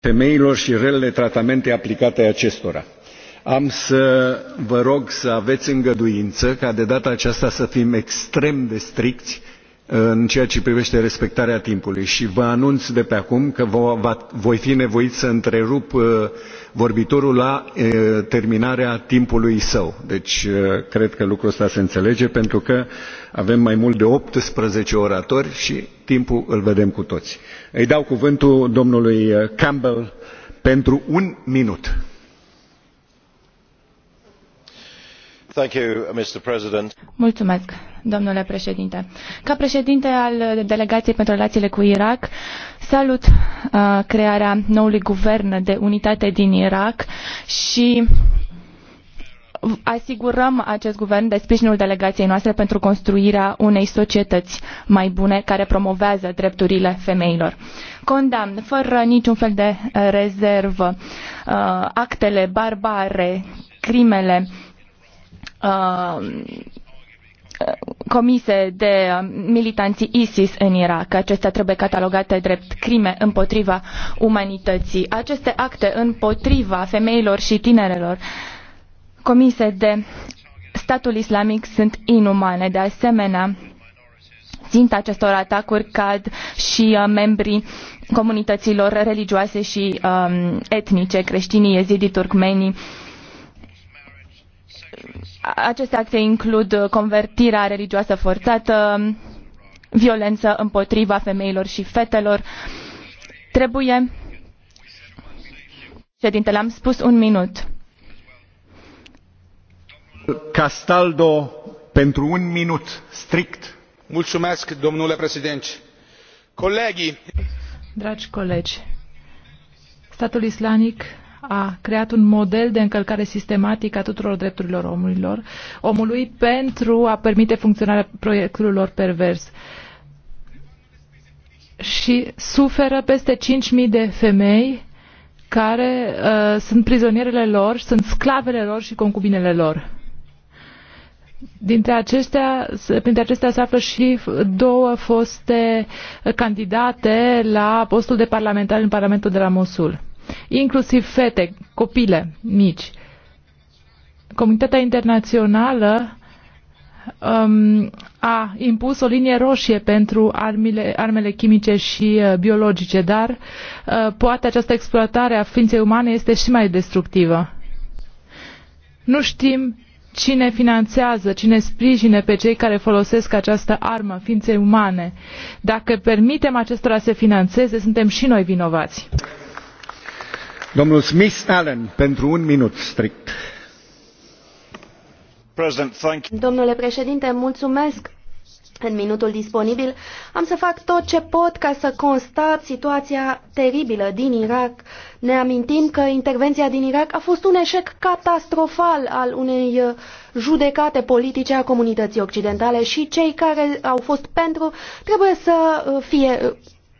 femeilor și relele tratamente aplicate acestora. Am să vă rog să aveți îngăduință ca de data aceasta să fim extrem de stricți în ceea ce privește respectarea timpului și vă anunț de pe acum că voi fi nevoit să întrerup uh, vorbitorul la uh, terminarea timpului său. Deci uh, cred că lucrul ăsta se înțelege pentru că avem mai mult de 18 oratori și timpul îl vedem cu toți. Îi dau cuvântul domnului Campbell pentru un minut. Mulțumesc domnule președinte. Ca președinte al delegației pentru relațiile cu Irak, salut uh, crearea noului guvern de unitate din Irak și asigurăm acest guvern de sprijinul delegației noastre pentru construirea unei societăți mai bune care promovează drepturile femeilor. Condamn fără niciun fel de uh, rezervă uh, actele barbare, crimele uh, comise de um, militanții ISIS în Irak. Acestea trebuie catalogate drept crime împotriva umanității. Aceste acte împotriva femeilor și tinerelor comise de statul islamic sunt inumane. De asemenea, ținta acestor atacuri cad și uh, membrii comunităților religioase și um, etnice, creștinii, ezidii, turcmenii aceste acte includ convertirea religioasă forțată, violență împotriva femeilor și fetelor. Trebuie. Ședintele, am spus un minut. Castaldo, pentru un minut, strict. Mulțumesc, domnule președinte. Colegii. Dragi colegi, statul islamic a creat un model de încălcare sistematică a tuturor drepturilor omurilor, omului pentru a permite funcționarea proiectelor pervers. Și suferă peste 5.000 de femei care uh, sunt prizonierele lor, sunt sclavele lor și concubinele lor. Dintre acestea, printre acestea se află și două foste candidate la postul de parlamentar în Parlamentul de la Mosul inclusiv fete, copile mici. Comunitatea internațională um, a impus o linie roșie pentru armele, armele chimice și uh, biologice, dar uh, poate această exploatare a ființei umane este și mai destructivă. Nu știm cine finanțează, cine sprijine pe cei care folosesc această armă, ființe umane. Dacă permitem acestora să finanțeze, suntem și noi vinovați. Allen, pentru un minut strict. Domnule președinte, mulțumesc în minutul disponibil. Am să fac tot ce pot ca să constat situația teribilă din Irak. Ne amintim că intervenția din Irak a fost un eșec catastrofal al unei uh, judecate politice a comunității occidentale și cei care au fost pentru trebuie să uh, fie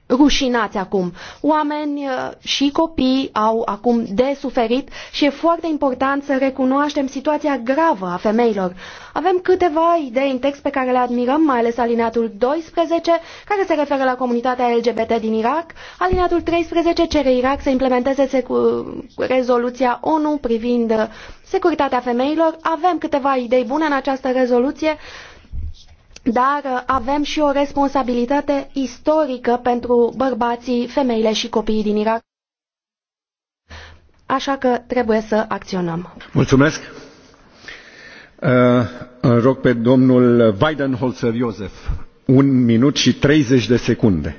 rușinați acum. Oameni uh, și copii au acum de suferit și e foarte important să recunoaștem situația gravă a femeilor. Avem câteva idei în text pe care le admirăm, mai ales alineatul 12, care se referă la comunitatea LGBT din Irak. Alineatul 13 cere Irak să implementeze rezoluția ONU privind uh, securitatea femeilor. Avem câteva idei bune în această rezoluție, dar uh, avem și o responsabilitate istorică pentru bărbații, femeile și copiii din Irak. Așa că trebuie să acționăm. Mulțumesc. Uh, rog pe domnul Weidenholzer Iosef, un minut și 30 de secunde.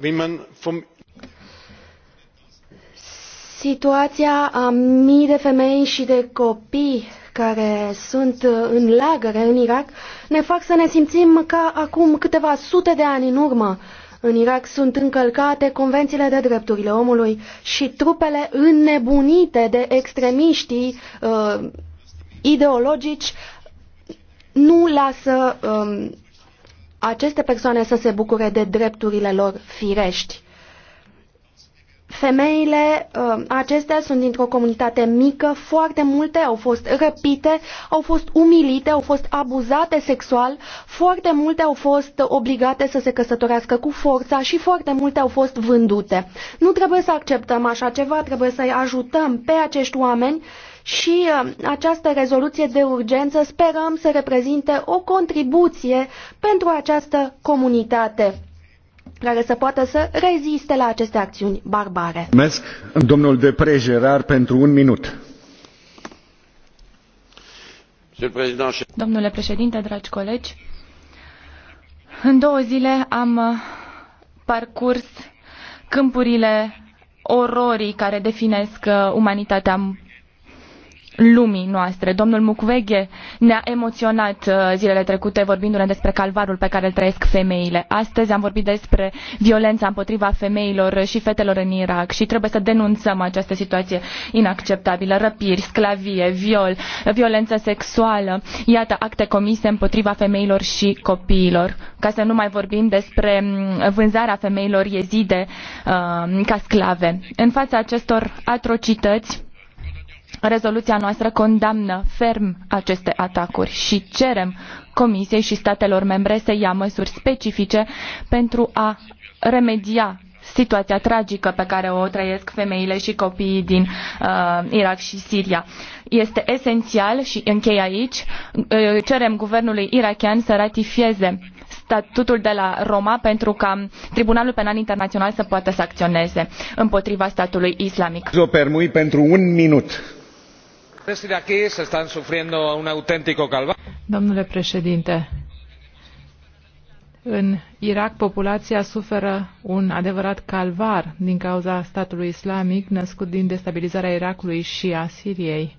Uh, Situația a mii de femei și de copii care sunt uh, în lagăre în Irak ne fac să ne simțim ca acum câteva sute de ani în urmă. În Irak sunt încălcate convențiile de drepturile omului și trupele înnebunite de extremiștii uh, ideologici nu lasă uh, aceste persoane să se bucure de drepturile lor firești. Femeile uh, acestea sunt dintr-o comunitate mică, foarte multe au fost răpite, au fost umilite, au fost abuzate sexual, foarte multe au fost obligate să se căsătorească cu forța și foarte multe au fost vândute. Nu trebuie să acceptăm așa ceva, trebuie să-i ajutăm pe acești oameni și uh, această rezoluție de urgență sperăm să reprezinte o contribuție pentru această comunitate care să poată să reziste la aceste acțiuni barbare. Mulțumesc, domnul de Gerard, pentru un minut. Domnule președinte, dragi colegi, în două zile am uh, parcurs câmpurile ororii care definesc uh, umanitatea lumii noastre. Domnul Mukwege ne-a emoționat uh, zilele trecute vorbindu-ne despre calvarul pe care îl trăiesc femeile. Astăzi am vorbit despre violența împotriva femeilor și fetelor în Irak și trebuie să denunțăm această situație inacceptabilă. Răpiri, sclavie, viol, violență sexuală, iată acte comise împotriva femeilor și copiilor. Ca să nu mai vorbim despre mm, vânzarea femeilor uh, ca sclave. În fața acestor atrocități, Rezoluția noastră condamnă ferm aceste atacuri și cerem Comisiei și statelor membre să ia măsuri specifice pentru a remedia situația tragică pe care o trăiesc femeile și copiii din uh, Irak și Siria. Este esențial și închei aici, uh, cerem guvernului irakian să ratifieze statutul de la Roma pentru ca Tribunalul Penal Internațional să poată să acționeze împotriva statului islamic. Zopermui pentru un minut. Domnule președinte, în Irak populația suferă un adevărat calvar din cauza statului islamic născut din destabilizarea Irakului și a Siriei.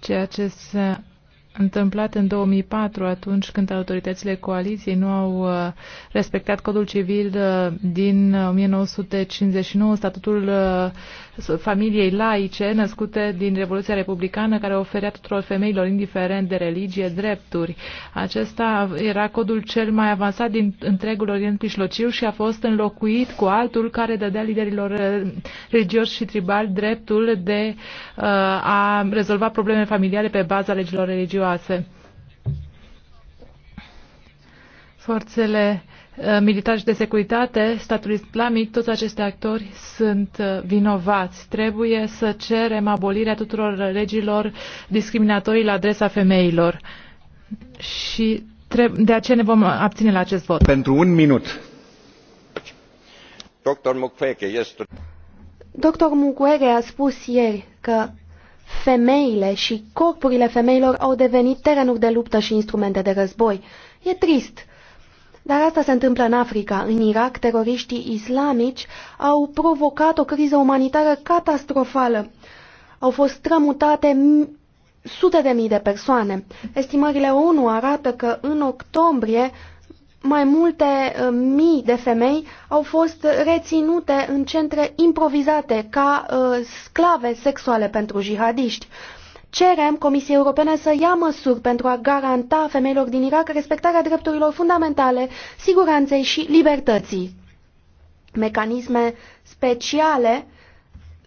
Ceea ce a întâmplat în 2004, atunci când autoritățile coaliției nu au uh, respectat codul civil uh, din 1959, uh, statutul familiei laice născute din Revoluția Republicană care oferea tuturor femeilor, indiferent de religie, drepturi. Acesta era codul cel mai avansat din întregul Orient Pișlociu și a fost înlocuit cu altul care dădea liderilor eh, religioși și tribali dreptul de uh, a rezolva probleme familiale pe baza legilor religioase. Forțele Uh, militari și de securitate, statul islamic, toți acești actori sunt uh, vinovați. Trebuie să cerem abolirea tuturor legilor discriminatorii la adresa femeilor. Și de aceea ne vom abține la acest vot. Pentru un minut. Dr. Mukwege este... Dr. Mukwege a spus ieri că femeile și corpurile femeilor au devenit terenuri de luptă și instrumente de război. E trist dar asta se întâmplă în Africa. În Irak, teroriștii islamici au provocat o criză umanitară catastrofală. Au fost strămutate sute de mii de persoane. Estimările ONU arată că în octombrie mai multe uh, mii de femei au fost reținute în centre improvizate ca uh, sclave sexuale pentru jihadiști. Cerem Comisiei Europene să ia măsuri pentru a garanta femeilor din Irak respectarea drepturilor fundamentale, siguranței și libertății. Mecanisme speciale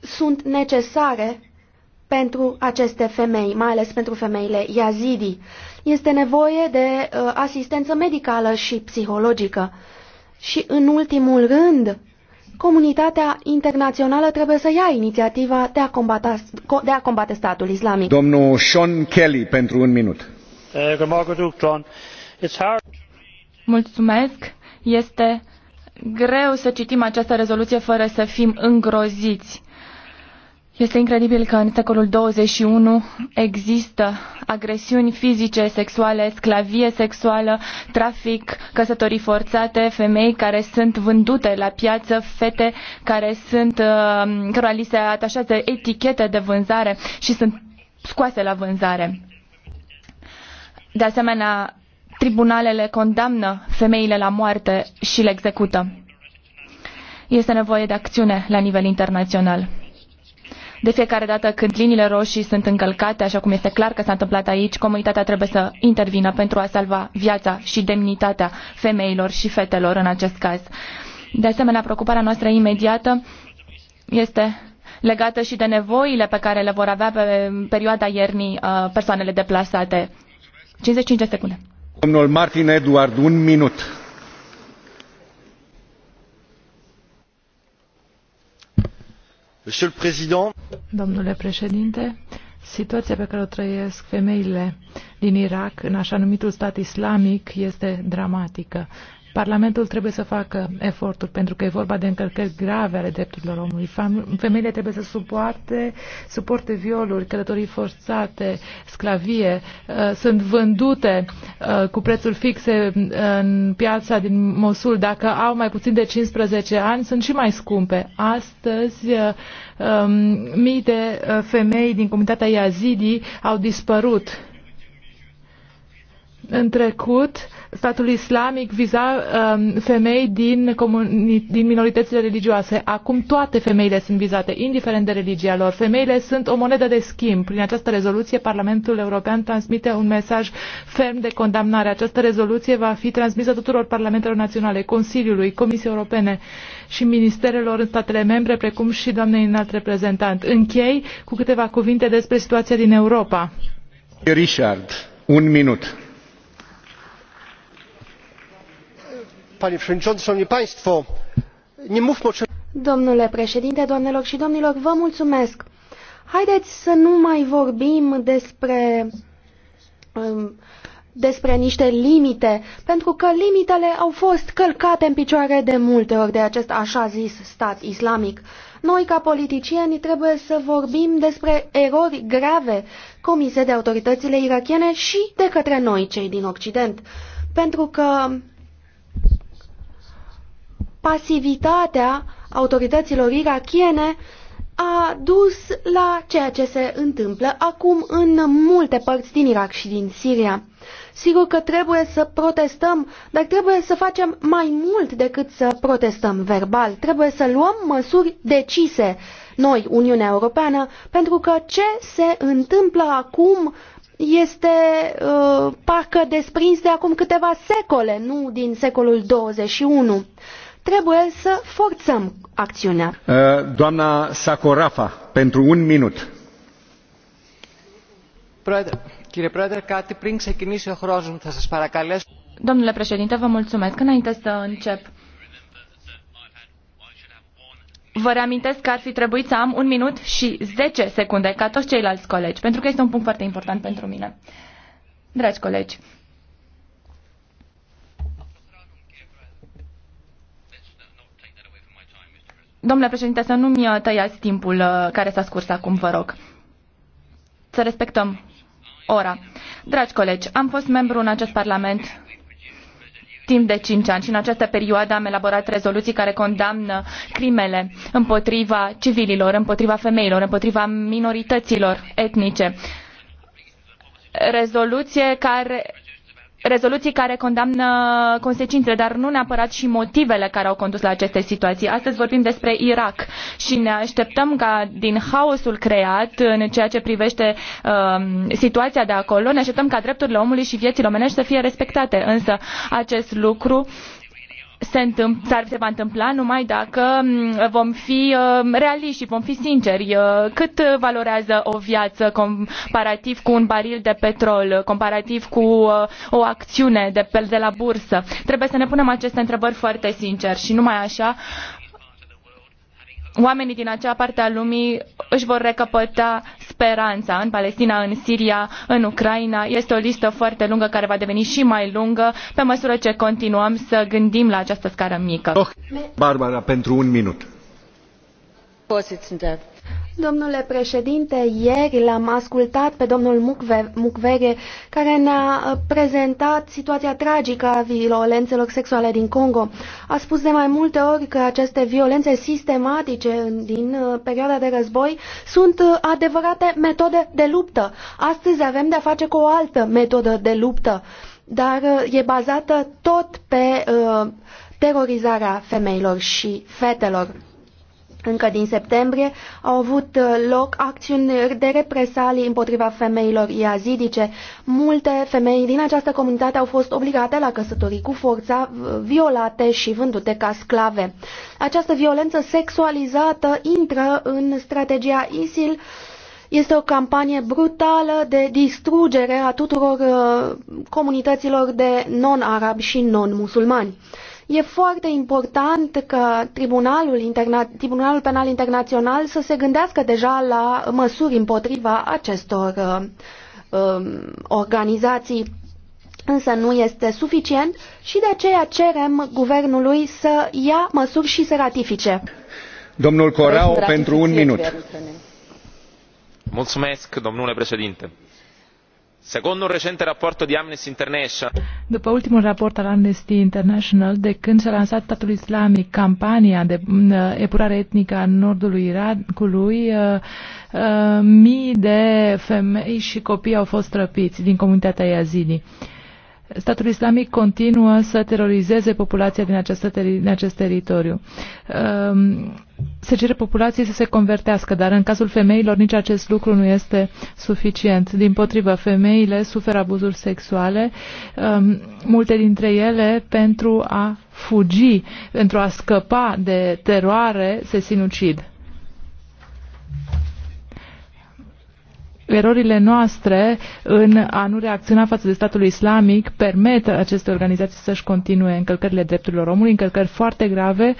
sunt necesare pentru aceste femei, mai ales pentru femeile yazidi. Este nevoie de uh, asistență medicală și psihologică. Și în ultimul rând, comunitatea internațională trebuie să ia inițiativa de a, de a combate statul islamic. Domnul Sean Kelly, pentru un minut. Eh, Mulțumesc. Este greu să citim această rezoluție fără să fim îngroziți este incredibil că în secolul 21 există agresiuni fizice, sexuale, sclavie sexuală, trafic, căsătorii forțate, femei care sunt vândute la piață, fete care sunt, uh, cărora li se atașează etichete de vânzare și sunt scoase la vânzare. De asemenea, tribunalele condamnă femeile la moarte și le execută. Este nevoie de acțiune la nivel internațional. De fiecare dată când liniile roșii sunt încălcate, așa cum este clar că s-a întâmplat aici, comunitatea trebuie să intervină pentru a salva viața și demnitatea femeilor și fetelor în acest caz. De asemenea, preocuparea noastră imediată este legată și de nevoile pe care le vor avea pe perioada iernii uh, persoanele deplasate. 55 de secunde. Domnul Martin Eduard, un minut Domnule președinte, situația pe care o trăiesc femeile din Irak, în așa numitul stat islamic, este dramatică. Parlamentul trebuie să facă eforturi pentru că e vorba de încălcări grave ale drepturilor omului. Femeile trebuie să suporte, suporte violuri, călătorii forțate, sclavie, uh, sunt vândute uh, cu prețul fixe uh, în piața din Mosul. Dacă au mai puțin de 15 ani, sunt și mai scumpe. Astăzi, um, mii de femei din comunitatea Yazidi au dispărut în trecut, statul islamic viza um, femei din, din minoritățile religioase. Acum toate femeile sunt vizate, indiferent de religia lor. Femeile sunt o monedă de schimb. Prin această rezoluție, Parlamentul European transmite un mesaj ferm de condamnare. Această rezoluție va fi transmisă tuturor parlamentelor naționale, Consiliului, Comisiei Europene și ministerelor în statele membre, precum și doamnei înalt reprezentant. Închei cu câteva cuvinte despre situația din Europa. Richard, un minut. Domnule președinte, doamnelor și domnilor, vă mulțumesc. Haideți să nu mai vorbim despre um, despre niște limite, pentru că limitele au fost călcate în picioare de multe ori de acest așa zis stat islamic. Noi, ca politicieni, trebuie să vorbim despre erori grave comise de autoritățile irachiene și de către noi, cei din Occident, pentru că pasivitatea autorităților irakiene a dus la ceea ce se întâmplă acum în multe părți din Irak și din Siria. Sigur că trebuie să protestăm, dar trebuie să facem mai mult decât să protestăm verbal. Trebuie să luăm măsuri decise, noi, Uniunea Europeană, pentru că ce se întâmplă acum este uh, parcă desprins de acum câteva secole, nu din secolul 21 trebuie să forțăm acțiunea. Uh, doamna Sacorafa, pentru un minut. Domnule președinte, vă mulțumesc. Înainte să încep, vă reamintesc că ar fi trebuit să am un minut și zece secunde, ca toți ceilalți colegi, pentru că este un punct foarte important pentru mine. Dragi colegi, Domnule președinte, să nu-mi uh, tăiați timpul uh, care s-a scurs acum, vă rog. Să respectăm ora. Dragi colegi, am fost membru în acest Parlament timp de cinci ani și în această perioadă am elaborat rezoluții care condamnă crimele împotriva civililor, împotriva femeilor, împotriva minorităților etnice. Rezoluție care rezoluții care condamnă consecințele, dar nu neapărat și motivele care au condus la aceste situații. Astăzi vorbim despre Irak și ne așteptăm ca din haosul creat în ceea ce privește uh, situația de acolo, ne așteptăm ca drepturile omului și vieții omenești să fie respectate. Însă acest lucru uh, se, întâmpl, se va întâmpla numai dacă mm, vom fi mm, realiști și vom fi sinceri. Mm, cât valorează o viață comparativ cu un baril de petrol, comparativ cu o acțiune de, de la bursă? Trebuie să ne punem aceste întrebări foarte sincer și numai așa oamenii din acea parte a lumii își vor recăpăta speranța în Palestina, în Siria, în Ucraina. Este o listă foarte lungă care va deveni și mai lungă pe măsură ce continuăm să gândim la această scară mică. Barbara, pentru un minut. Domnule președinte, ieri l-am ascultat pe domnul Mukwege, care ne-a prezentat situația tragică a violențelor sexuale din Congo. A spus de mai multe ori că aceste violențe sistematice din uh, perioada de război sunt uh, adevărate metode de luptă. Astăzi avem de-a face cu o altă metodă de luptă, dar uh, e bazată tot pe uh, terorizarea femeilor și fetelor încă din septembrie au avut uh, loc acțiuni de represalii împotriva femeilor iazidice. Multe femei din această comunitate au fost obligate la căsătorii cu forța, violate și vândute ca sclave. Această violență sexualizată intră în strategia ISIL este o campanie brutală de distrugere a tuturor uh, comunităților de non-arabi și non-musulmani. E foarte important că Tribunalul, Interna- Tribunalul Penal Internațional să se gândească deja la măsuri împotriva acestor uh, uh, organizații, însă nu este suficient și de aceea cerem guvernului să ia măsuri și să ratifice. Domnul Corau, pentru un minut. Mulțumesc, domnule președinte Secondo un recente rapporto di Amnesty International. După ultimul raport al Amnesty International, de când s-a lansat statul islamic campania de epurare etnică a nordului Irakului, uh, uh, mii de femei și copii au fost răpiți din comunitatea Yazidi statul islamic continuă să terorizeze populația din, această teri- din acest teritoriu. Um, se cere populației să se convertească, dar în cazul femeilor nici acest lucru nu este suficient. Din potrivă, femeile suferă abuzuri sexuale, um, multe dintre ele pentru a fugi, pentru a scăpa de teroare, se sinucid. erorile noastre în a nu reacționa față de statul islamic permit aceste organizații să-și continue încălcările drepturilor omului, încălcări foarte grave,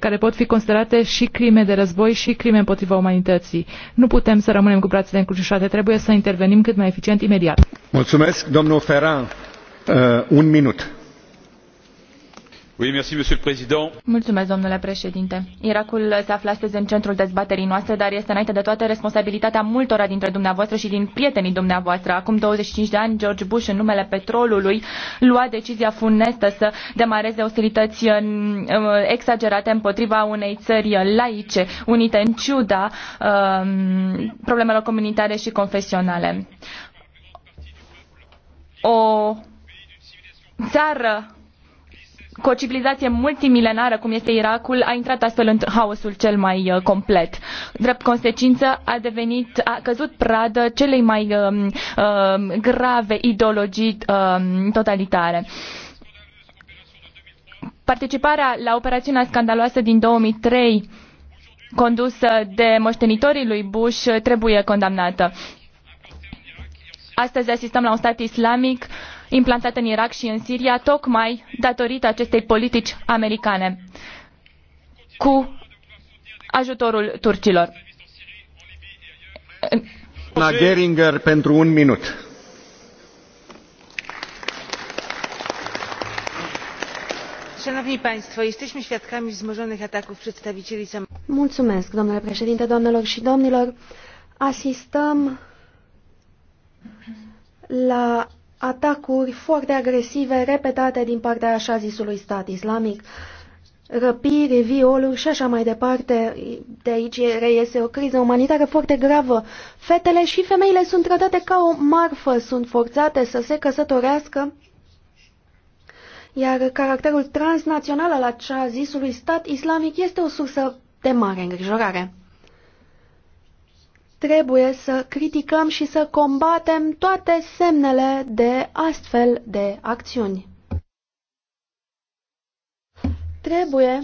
care pot fi considerate și crime de război și crime împotriva umanității. Nu putem să rămânem cu brațele încrucișate, trebuie să intervenim cât mai eficient imediat. Mulțumesc, domnul Ferran. Uh, un minut domnule președinte. Irakul se află astăzi în centrul dezbaterii noastre, dar este înainte de toate responsabilitatea multora dintre dumneavoastră și din prietenii dumneavoastră. Acum 25 de ani, George Bush, în numele petrolului, lua decizia funestă să demareze ostilități exagerate împotriva unei țări laice, unite în ciuda um, problemelor comunitare și confesionale. O țară cu o civilizație multimilenară cum este Irakul a intrat astfel în haosul cel mai uh, complet. Drept consecință a devenit, a căzut pradă celei mai uh, grave ideologii uh, totalitare. Participarea la operațiunea scandaloasă din 2003 condusă de moștenitorii lui Bush trebuie condamnată. Astăzi asistăm la un stat islamic uh, implantate în Irak și în Siria, tocmai datorită acestei politici americane, cu ajutorul turcilor. Na Geringer pentru un minut. jesteśmy świadkami wzmożonych ataków przedstawicieli Mulțumesc, domnule președinte, doamnelor și domnilor. Asistăm la atacuri foarte agresive, repetate din partea așa zisului stat islamic, răpiri, violuri și așa mai departe. De aici reiese o criză umanitară foarte gravă. Fetele și femeile sunt tratate ca o marfă, sunt forțate să se căsătorească, iar caracterul transnațional al așa zisului stat islamic este o sursă de mare îngrijorare trebuie să criticăm și să combatem toate semnele de astfel de acțiuni. Trebuie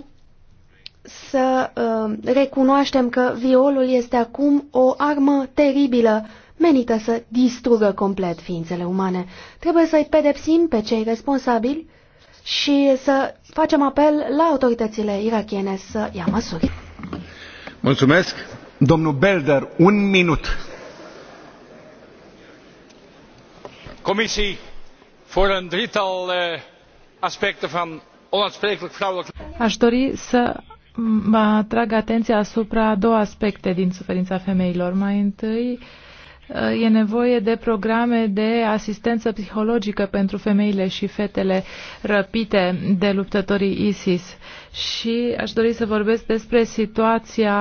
să uh, recunoaștem că violul este acum o armă teribilă menită să distrugă complet ființele umane. Trebuie să-i pedepsim pe cei responsabili și să facem apel la autoritățile irachiene să ia măsuri. Mulțumesc! Domnul Belder, un minut. Comisii, voor een drietal eh, aspecten van onuitsprekelijk vrouwelijk... Aș dori să mă atrag atenția asupra două aspecte din suferința femeilor. Mai întâi, eh, e nevoie de programe de asistență psihologică pentru femeile și fetele răpite de luptătorii ISIS și aș dori să vorbesc despre situația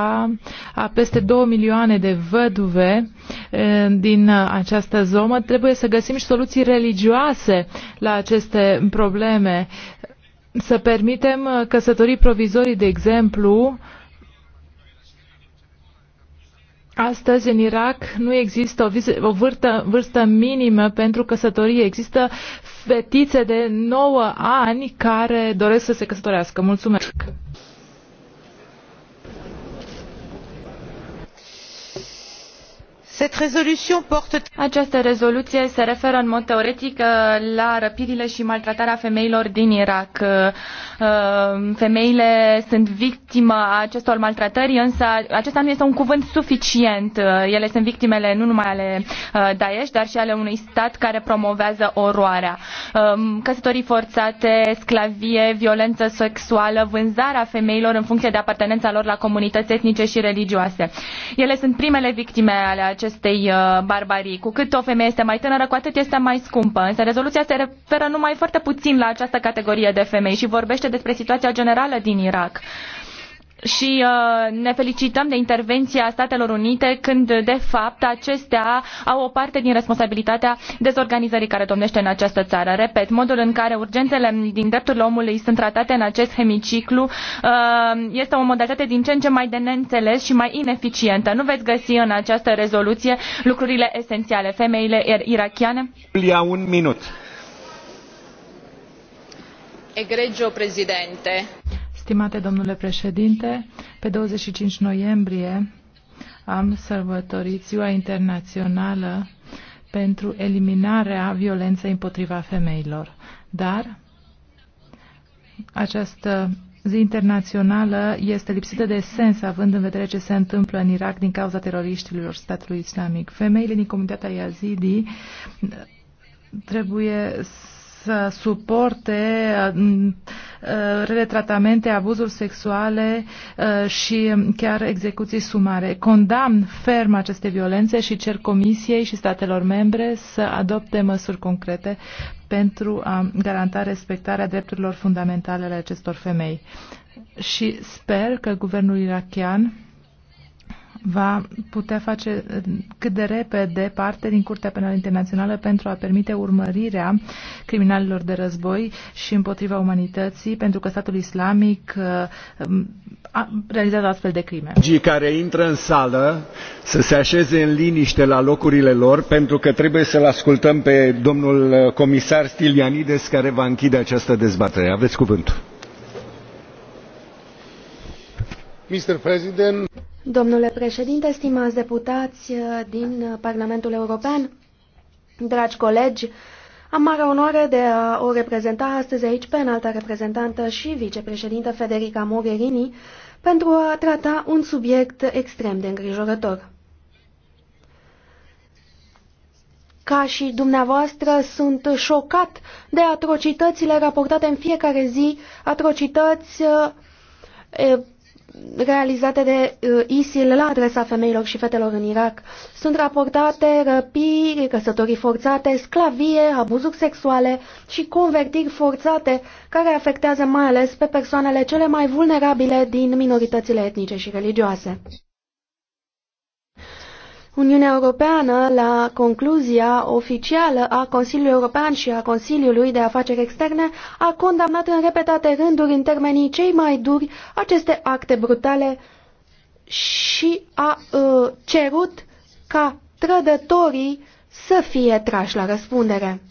a peste 2 milioane de văduve eh, din această zonă. Trebuie să găsim și soluții religioase la aceste probleme. Să permitem eh, căsătorii provizorii, de exemplu, Astăzi, în Irak, nu există o, viz- o vârstă, vârstă minimă pentru căsătorie. Există fetițe de 9 ani care doresc să se căsătorească. Mulțumesc! Această rezoluție se referă în mod teoretic uh, la răpirile și maltratarea femeilor din Irak. Uh, uh, femeile sunt ale acestor maltratări, însă acesta nu este un cuvânt suficient. Ele sunt victimele nu numai ale Daesh, dar și ale unui stat care promovează oroarea. Um, căsătorii forțate, sclavie, violență sexuală, vânzarea femeilor în funcție de apartenența lor la comunități etnice și religioase. Ele sunt primele victime ale acestor acestei uh, barbarii. Cu cât o femeie este mai tânără, cu atât este mai scumpă. Însă rezoluția se referă numai foarte puțin la această categorie de femei și vorbește despre situația generală din Irak și uh, ne felicităm de intervenția Statelor Unite când, de fapt, acestea au o parte din responsabilitatea dezorganizării care domnește în această țară. Repet, modul în care urgențele din drepturile omului sunt tratate în acest hemiciclu uh, este o modalitate din ce în ce mai de neînțeles și mai ineficientă. Nu veți găsi în această rezoluție lucrurile esențiale. Femeile er- irachiane? Iulia, un minut. Egregio președinte, Stimate domnule președinte, pe 25 noiembrie am sărbătorit Ziua Internațională pentru eliminarea violenței împotriva femeilor. Dar această zi internațională este lipsită de sens, având în vedere ce se întâmplă în Irak din cauza teroriștilor statului islamic. Femeile din comunitatea Yazidi trebuie să suporte uh, mm, uh, rele tratamente, abuzuri sexuale uh, și chiar execuții sumare. Condamn ferm aceste violențe și cer Comisiei și statelor membre să adopte măsuri concrete pentru a garanta respectarea drepturilor fundamentale ale acestor femei. Și sper că guvernul irachian va putea face eh, cât de repede parte din Curtea Penală Internațională pentru a permite urmărirea criminalilor de război și împotriva umanității, pentru că statul islamic eh, a realizat astfel de crime. Cei care intră în sală să se așeze în liniște la locurile lor, pentru că trebuie să-l ascultăm pe domnul eh, comisar Stilianides, care va închide această dezbatere. Aveți cuvântul. Domnule președinte, stimați deputați uh, din uh, Parlamentul European, dragi colegi, am mare onoare de a o reprezenta astăzi aici pe înalta reprezentantă și vicepreședintă Federica Mogherini pentru a trata un subiect extrem de îngrijorător. Ca și dumneavoastră, sunt șocat de atrocitățile raportate în fiecare zi, atrocități uh, realizate de uh, ISIL la adresa femeilor și fetelor în Irak. Sunt raportate răpiri, căsătorii forțate, sclavie, abuzuri sexuale și convertiri forțate care afectează mai ales pe persoanele cele mai vulnerabile din minoritățile etnice și religioase. Uniunea Europeană, la concluzia oficială a Consiliului European și a Consiliului de Afaceri Externe, a condamnat în repetate rânduri, în termenii cei mai duri, aceste acte brutale și a uh, cerut ca trădătorii să fie trași la răspundere.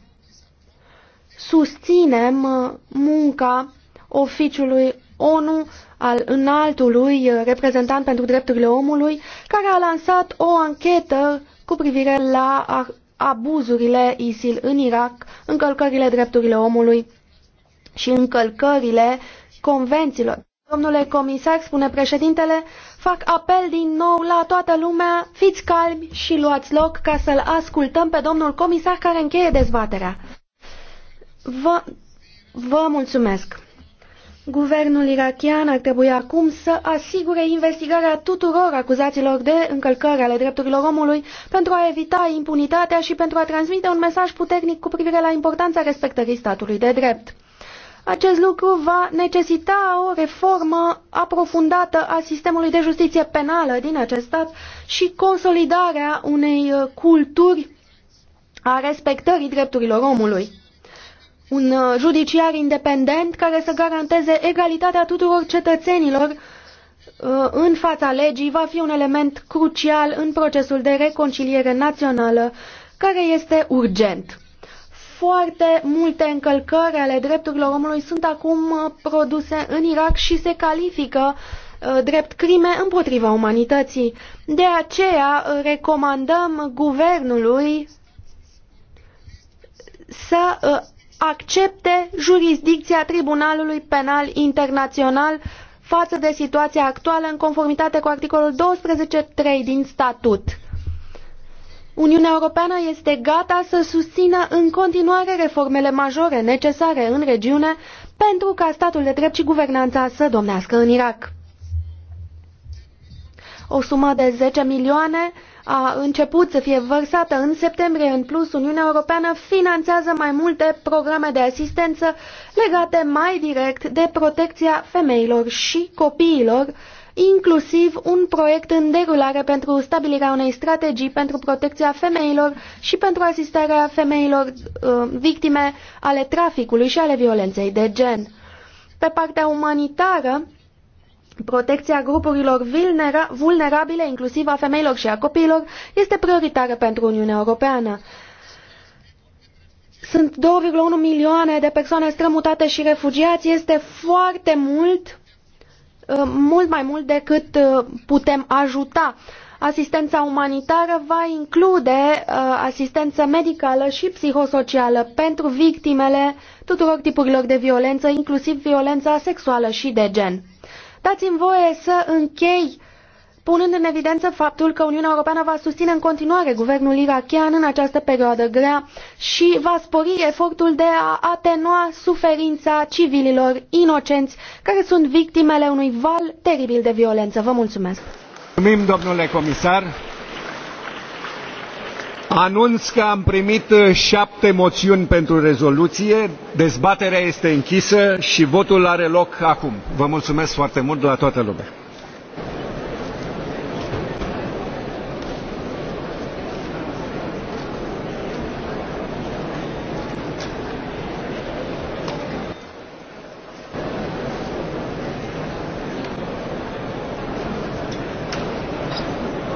Susținem ă, munca oficiului ONU, al înaltului uh, reprezentant pentru drepturile omului, care a lansat o anchetă cu privire la abuzurile ISIL în Irak, încălcările drepturile omului și încălcările convențiilor. Domnule comisar, spune președintele, fac apel din nou la toată lumea, fiți calmi și luați loc ca să-l ascultăm pe domnul comisar care încheie dezbaterea. Vă, vă mulțumesc. Guvernul irachian ar trebui acum să asigure investigarea tuturor acuzaților de încălcări ale drepturilor omului pentru a evita impunitatea și pentru a transmite un mesaj puternic cu privire la importanța respectării statului de drept. Acest lucru va necesita o reformă aprofundată a sistemului de justiție penală din acest stat și consolidarea unei uh, culturi a respectării drepturilor omului un uh, judiciar independent care să garanteze egalitatea tuturor cetățenilor uh, în fața legii va fi un element crucial în procesul de reconciliere națională care este urgent. Foarte multe încălcări ale drepturilor omului sunt acum uh, produse în Irak și se califică drept crime împotriva umanității. De aceea recomandăm guvernului să accepte jurisdicția Tribunalului Penal Internațional față de situația actuală în conformitate cu articolul 12.3 din statut. Uniunea Europeană este gata să susțină în continuare reformele majore necesare în regiune pentru ca statul de drept și guvernanța să domnească în Irak. O sumă de 10 milioane a început să fie vărsată în septembrie. În plus, Uniunea Europeană finanțează mai multe programe de asistență legate mai direct de protecția femeilor și copiilor, inclusiv un proiect în derulare pentru stabilirea unei strategii pentru protecția femeilor și pentru asistarea femeilor uh, victime ale traficului și ale violenței de gen. Pe partea umanitară, Protecția grupurilor vulnerabile, inclusiv a femeilor și a copiilor, este prioritară pentru Uniunea Europeană. Sunt 2,1 milioane de persoane strămutate și refugiați, este foarte mult, uh, mult mai mult decât uh, putem ajuta. Asistența umanitară va include uh, asistență medicală și psihosocială pentru victimele tuturor tipurilor de violență, inclusiv violența sexuală și de gen. Dați-mi voie să închei punând în evidență faptul că Uniunea Europeană va susține în continuare guvernul irachian în această perioadă grea și va spori efortul de a atenua suferința civililor inocenți care sunt victimele unui val teribil de violență. Vă mulțumesc! Mulțumim, domnule comisar! Anunț că am primit uh, șapte moțiuni pentru rezoluție, dezbaterea este închisă și votul are loc acum. Vă mulțumesc foarte mult la toată lumea.